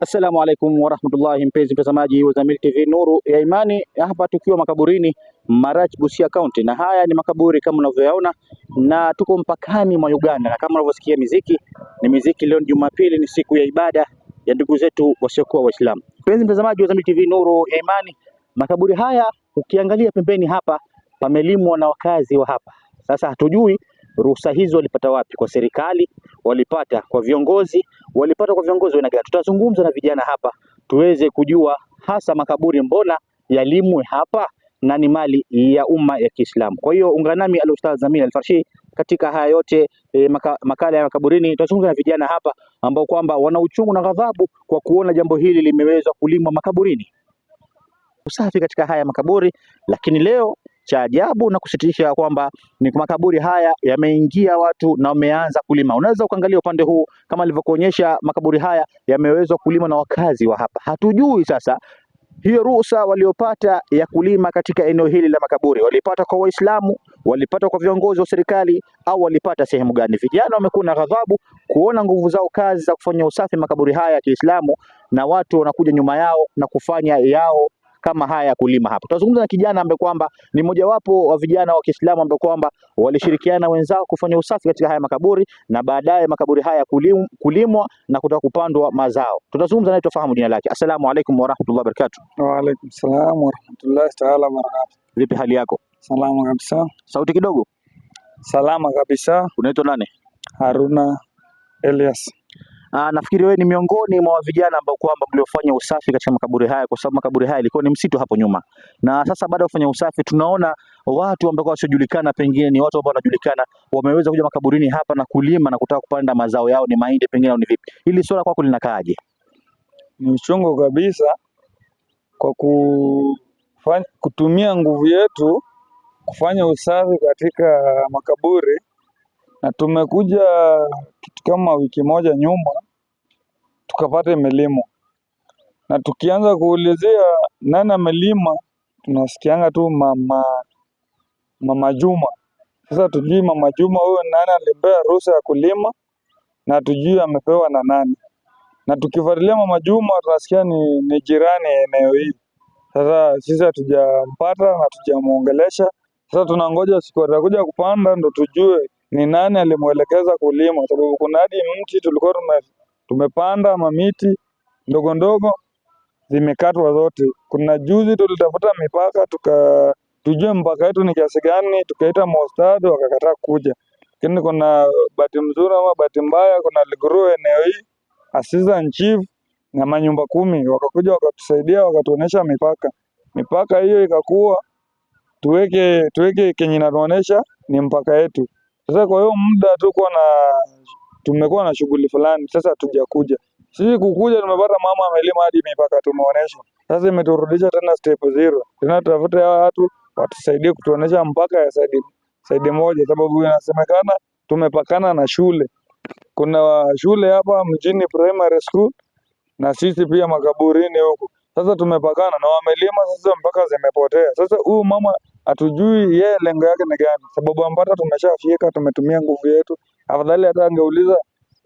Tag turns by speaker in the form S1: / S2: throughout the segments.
S1: Assalamu alaikum warahmatullahi, mpenzi mtazamaji wa Zamyl TV Nuru ya Imani, hapa tukiwa makaburini Marach Busia County, na haya ni makaburi kama unavyoyaona, na tuko mpakani mwa Uganda, na kama unavyosikia miziki ni miziki. Leo ni Jumapili, ni siku ya ibada ya ndugu zetu wasiokuwa Waislamu. Mpenzi mtazamaji wa Zamyl TV Nuru ya Imani, makaburi haya ukiangalia pembeni hapa pamelimwa na wakazi wa hapa. Sasa hatujui Ruhusa hizi walipata wapi? Kwa serikali, walipata kwa viongozi, walipata kwa viongozi wengine. Tutazungumza na vijana hapa tuweze kujua hasa makaburi mbona yalimwe hapa na ni mali ya umma ya Kiislamu. Kwa hiyo ungana nami Al-Ustadh Zamin Al-Farshi katika haya yote e, maka, makala ya makaburini. Tutazungumza na vijana hapa ambao kwamba wana uchungu na ghadhabu kwa kuona jambo hili limeweza kulimwa makaburini, usafi katika haya makaburi, lakini leo cha ajabu na kusitisha kwamba ni makaburi haya yameingia watu na wameanza kulima. Unaweza ukaangalia upande huu kama alivyokuonyesha, makaburi haya yamewezwa kulima na wakazi wa hapa. Hatujui sasa hiyo ruhusa waliopata ya kulima katika eneo hili la makaburi walipata kwa Waislamu, walipata kwa viongozi wa serikali, au walipata sehemu gani? Vijana wamekuwa na ghadhabu kuona nguvu zao kazi za kufanya usafi makaburi haya ya Kiislamu, na watu wanakuja nyuma yao na kufanya yao kama haya ya kulima hapa. Tutazungumza na kijana ambaye kwamba ni mojawapo wa vijana wa Kiislamu ambaye kwamba walishirikiana wenzao kufanya usafi katika haya makaburi na baadaye makaburi haya kulim, kulimwa na kutaka kupandwa mazao. Tutazungumza naye tufahamu jina lake. Asalamu alaykum warahmatullahi wabarakatuh.
S2: Wa alaykum salaam warahmatullahi taala wabarakatuh.
S1: Vipi hali yako?
S2: Salama kabisa.
S1: Sauti kidogo.
S2: Salama kabisa. Unaitwa nani? Haruna Elias.
S1: Aa, ah, nafikiri wewe ni miongoni mwa vijana ambao kwamba mliofanya usafi katika makaburi haya, kwa sababu makaburi haya ilikuwa ni msitu hapo nyuma, na sasa baada ya kufanya usafi tunaona watu ambao wasiojulikana, pengine ni watu ambao wanajulikana, wameweza kuja makaburini hapa na kulima na kutaka kupanda mazao yao, ni mahindi pengine au ni vipi? Hili swala kwako linakaaje?
S2: Ni mchongo kabisa kwa kufanya, kutumia nguvu yetu kufanya usafi katika makaburi, na tumekuja kitu kama wiki moja nyuma tukapate milima. Na tukianza kuulizia nani amelima, tunasikianga tu mama Mama Juma. Sasa tujui Mama Juma huyo nani alipewa ruhusa ya kulima na tujui amepewa na nani. Na tukifuatilia Mama Juma tunasikia ni, ni jirani eneo hili. Sasa sisi hatujampata na tujamuongelesha. Sasa tunangoja siku atakuja kupanda ndo tujue ni nani alimwelekeza kulima, sababu kuna hadi mti tulikuwa tume Tumepanda mamiti ndogo ndogo zimekatwa zote. Kuna juzi tulitafuta mipaka tuka tujue mpaka yetu ni kiasi gani, tukaita mostadi wakakataa kuja, lakini kuna bahati mzuri ama bahati mbaya, kuna Liguru eneo hii asiza chief na manyumba kumi wakakuja wakatusaidia wakatuonesha mipaka. Mipaka hiyo ikakuwa tuweke tuweke kenye inatuonesha ni mpaka yetu. Sasa kwa hiyo muda tu kuwa na tumekuwa na shughuli fulani, sasa hatujakuja. Sisi kukuja tumepata mama amelima hadi mipaka tumeonesha, sasa imeturudisha tena step zero, tena tutafuta hawa watu watusaidie kutuonyesha mpaka ya saidi saidi moja, sababu inasemekana tumepakana na shule. Kuna shule hapa mjini primary school na sisi pia makaburini huku, sasa tumepakana na wamelima sasa mpaka zimepotea. Sasa huyu mama hatujui yeye lengo yake ni gani, sababu ambapo tumeshafika tumetumia nguvu yetu. Afadhali hata angeuliza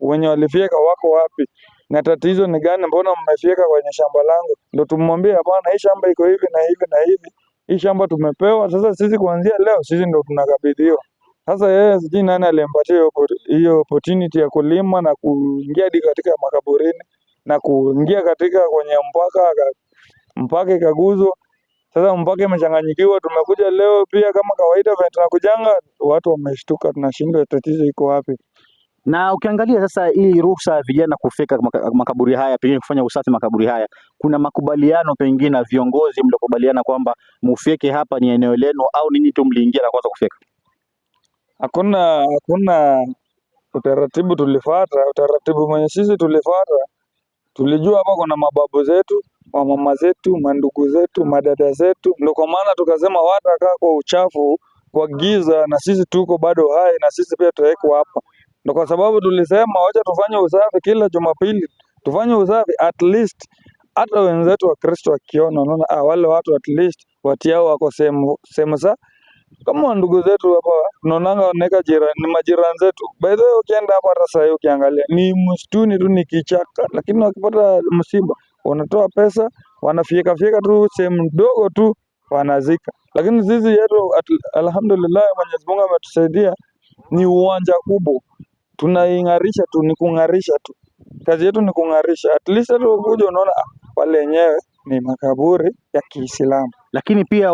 S2: wenye walifika wako wapi na tatizo ni gani, mbona mmefika kwenye shamba langu? Ndio tumwambie bwana, hii shamba iko hivi na hivi na hivi, hii shamba tumepewa. Sasa sisi kuanzia leo sisi ndio tunakabidhiwa. Sasa yeye sijui nani alimpatia hiyo opportunity ya kulima na kuingia hadi katika makaburini na kuingia katika kwenye mpaka mpaka ikaguzwa sasa mpaka imechanganyikiwa, tumekuja leo pia kama kawaida vile tunakujanga, watu wameshtuka, tunashindwa tatizo iko wapi.
S1: Na ukiangalia sasa hii ruhusa ya vijana kufika makaburi haya, pengine kufanya usafi makaburi haya, kuna makubaliano pengine na viongozi mlikubaliana kwamba mufike hapa, ni eneo lenu, au ninyi tu mliingia na kwanza kufika?
S2: Hakuna, hakuna utaratibu tulifuata, utaratibu mwenye sisi tulifuata Tulijua hapa kuna mababu zetu, wamama zetu, mandugu zetu, madada zetu, ndio kwa maana tukasema watakaa kwa uchafu kwa giza, na sisi tuko bado hai, na sisi pia tutawekwa hapa. Ndio kwa sababu tulisema wacha tufanye usafi kila Jumapili, tufanye usafi at least hata wenzetu wa Kristo wakiona, wanaona ah, wale watu at least watiao wako sehemu sehemu kama ndugu zetu hapa tunaonanga wanaweka jirani, ni majirani zetu. By the way, ukienda hapa hata sahii ukiangalia ni msituni tu, ni kichaka, lakini wakipata msiba wanatoa pesa, wanafyekafyeka tu sehemu ndogo tu wanazika. Lakini sisi yetu alhamdulillah, Mwenyezi Mungu ametusaidia, ni uwanja kubwa, tunaing'arisha tu, ni kung'arisha tu, kazi yetu ni kung'arisha. At least hata ukuja unaona pale ah, yenyewe ni makaburi ya Kiislamu.
S1: Lakini pia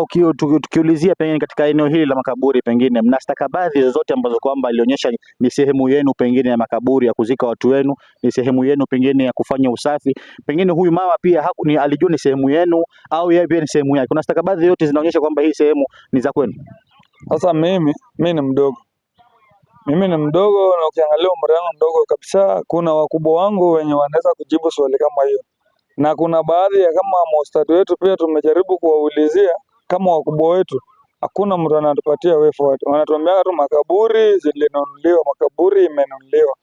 S1: tukiulizia pengine katika eneo hili la makaburi, pengine mna stakabadhi zozote ambazo kwamba alionyesha ni sehemu yenu pengine ya makaburi ya kuzika watu wenu, ni sehemu yenu pengine ya kufanya usafi, pengine huyu mama pia haku, ni, alijua ni sehemu yenu au yeye pia ni sehemu yake? Kuna stakabadhi yote zinaonyesha kwamba hii sehemu ni za kwenu?
S2: Sasa mimi mimi ni mdogo mimi ni mdogo, na ukiangalia umri wangu mdogo kabisa, kuna wakubwa wangu wenye wanaweza kujibu swali kama hiyo na kuna baadhi ya kama mostad wetu pia tumejaribu kuwaulizia kama wakubwa wetu, hakuna mtu anatupatia way forward. Wanatuambia tu makaburi zilinunuliwa, makaburi imenunuliwa.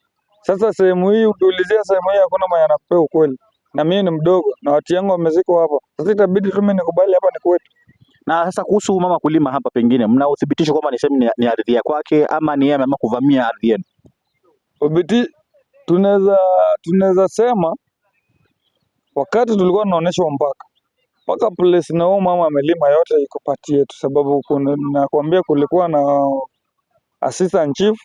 S2: Sasa sehemu hii ukiulizia sehemu hii hakuna mwenye anakupea ukweli, na mimi ni mdogo na watu yangu wamezikwa hapa. Sasa itabidi tu mimi nikubali hapa ni kwetu.
S1: Na sasa kuhusu mama kulima hapa, pengine mna uthibitisho kwamba ni sehemu ni ardhi ya kwake ama ni yeye mama kuvamia ardhi yenu?
S2: Tunaweza tunaweza sema Wakati tulikuwa tunaonyeshwa mpaka mpaka place na huyo mama amelima yote iko pati yetu, sababu nakwambia kulikuwa na assistant chief,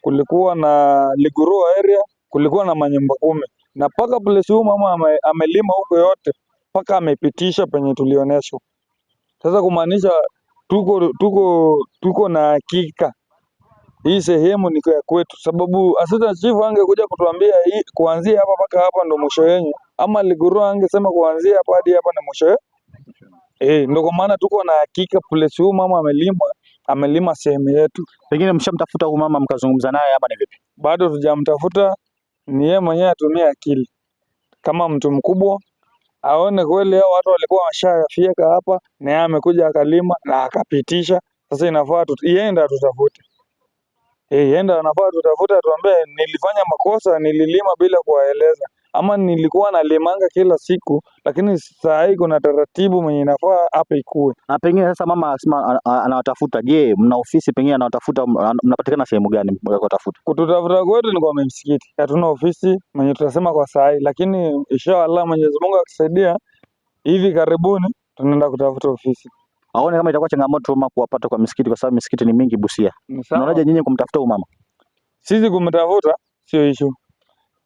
S2: kulikuwa na Ligurua area, kulikuwa na manyumba kumi na mpaka place huyo mama ame, amelima huko yote mpaka amepitisha penye tulionyeshwa. Sasa kumaanisha tuko tuko tuko na hakika hii sehemu ni ya kwetu, sababu assistant chief angekuja kutuambia hii kuanzia hapa mpaka hapa ndo mwisho yenyu ama Liguru angesema kuanzia hapa hadi hapa na mwisho eh, ndio kwa maana tuko na hakika place huu mama amelima amelima sehemu yetu.
S1: Pengine mshamtafuta huyu mama mkazungumza naye hapa ni vipi?
S2: Bado tujamtafuta, ni yeye mwenyewe atumie akili kama mtu mkubwa aone kweli hao watu walikuwa washafika hapa, na yeye amekuja akalima na akapitisha. Sasa inafaa tu yenda tutafute, eh, ienda anafaa tutafute, atuambie nilifanya makosa, nililima bila kuwaeleza ama nilikuwa nalemanga kila siku, lakini saa hii kuna taratibu mwenye inafaa hapa ikue.
S1: Na pengine sasa mama asema anawatafuta. Je, mna ofisi pengine anawatafuta, mnapatikana sehemu gani mnatafuta?
S2: Kututafuta kwetu ni kwa msikiti, hatuna ofisi mwenye tunasema kwa saa hii, lakini inshallah Mwenyezi Mungu akisaidia, hivi karibuni tunaenda kutafuta ofisi.
S1: Aone kama itakuwa changamoto mama kuwapata kwa msikiti, kwa sababu misikiti ni mingi Busia. Unaonaje nyinyi kumtafuta huyu mama?
S2: Sisi kumtafuta sio issue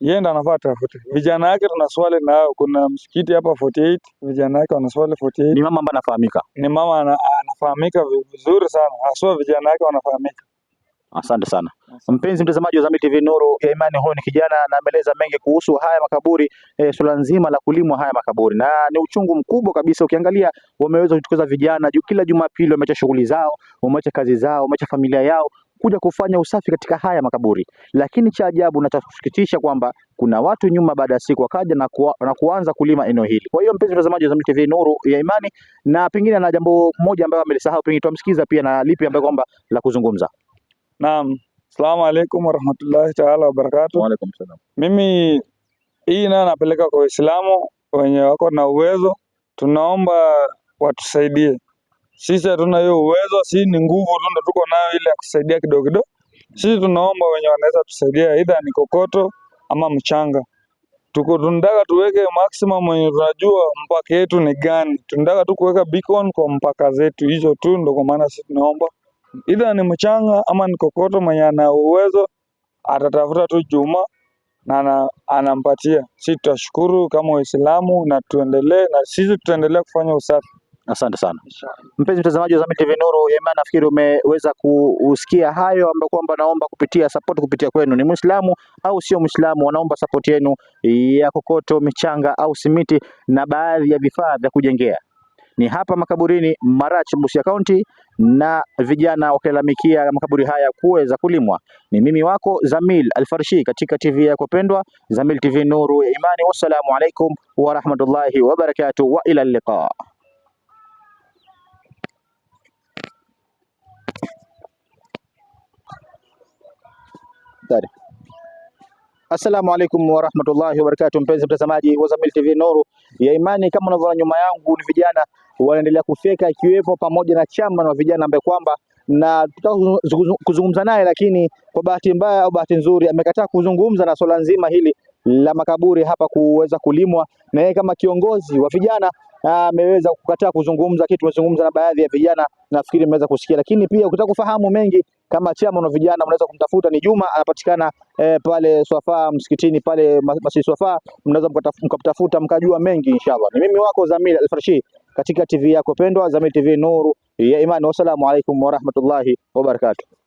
S2: yeye ndo anafaa tafute vijana yake. Tuna swali na kuna msikiti hapa 48 vijana yake wana swali 48. Ni
S1: mama ambaye anafahamika,
S2: ni mama anafahamika vizuri sana haswa, vijana yake wanafahamika.
S1: Asante sana asante. mpenzi mtazamaji wa Zamyl TV Nuru ya Imani, huyu ni kijana na ameeleza mengi kuhusu haya makaburi e, eh, swala nzima la kulimwa haya makaburi, na ni uchungu mkubwa kabisa. Ukiangalia wameweza kuchukua vijana juu, kila Jumapili wameacha shughuli zao, wameacha kazi zao, wameacha familia yao kuja kufanya usafi katika haya makaburi. Lakini cha ajabu na cha kusikitisha kwamba kuna watu nyuma baada ya siku wakaja na, kuwa, na kuanza kulima eneo hili. Kwa hiyo mpenzi mtazamaji wa Zamyl TV Nuru ya Imani, na pengine ana jambo moja ambayo amelisahau, pengine tuamsikiza pia na lipi ambayo kwamba la kuzungumza.
S2: Naam, asalamu alaykum warahmatullahi taala wabarakatuh. Wa alaykum salam. Mimi hii nayo napeleka kwa Waislamu wenye wako na uwezo, tunaomba watusaidie sisi hatuna hiyo uwezo, si ni nguvu tu ndo tuko nayo ile ya kusaidia kidogo kidogo. Sisi tunaomba wenye wanaweza tusaidia, aidha ni kokoto ama mchanga. Tuko tunataka tuweke maximum wenye tunajua mpaka yetu ni gani. Tunataka tu kuweka beacon kwa mpaka zetu hizo tu, ndo kwa maana sisi tunaomba aidha ni mchanga ama ni kokoto, mwenye ana uwezo atatafuta tu Juma na anampatia. Sisi tutashukuru kama Waislamu na tuendelee, na sisi tutaendelea kufanya usafi.
S1: Asante sana mpenzi mtazamaji wa Zamyl TV Nuru ya Imani, nafikiri umeweza kusikia hayo ambayo kwamba naomba kupitia support kupitia kwenu. Ni Muislamu au sio Muislamu, wanaomba support yenu ya kokoto, michanga au simiti na baadhi ya vifaa vya kujengea. Ni hapa makaburini Marach, Busia County, na vijana wakilalamikia makaburi haya kuweza kulimwa. Ni mimi wako Zamil Alfarshi katika TV yako pendwa Zamyl TV Nuru ya Imani. Wassalamu alaikum warahmatullahi barakatuh, wa ila liqa. Daktari. Assalamu alaikum warahmatullahi wabarakatuh, mpenzi mtazamaji wa Zamyl TV Nuru ya Imani, kama unavyoona nyuma yangu ni vijana wanaendelea kufyeka, ikiwepo pamoja na chama na vijana ambaye kwamba na tutaka kuzungumza naye, lakini kwa bahati mbaya au bahati nzuri amekataa kuzungumza na swala nzima hili la makaburi hapa kuweza kulimwa, na yeye kama kiongozi wa vijana ah, ameweza kukataa kuzungumza kitu. Tumezungumza na baadhi ya vijana, nafikiri mmeweza kusikia, lakini pia ukitaka kufahamu mengi kama chairman wa vijana, mnaweza kumtafuta ni Juma, anapatikana eh, pale Swafaa msikitini pale Masjid Swafa, mnaweza mkamtafuta mkajua mengi inshallah. Ni mimi wako Zamil Alfarshi katika TV yako pendwa Zamil TV, nuru ya imani. Wassalamu alaikum warahmatullahi wabarakatuh.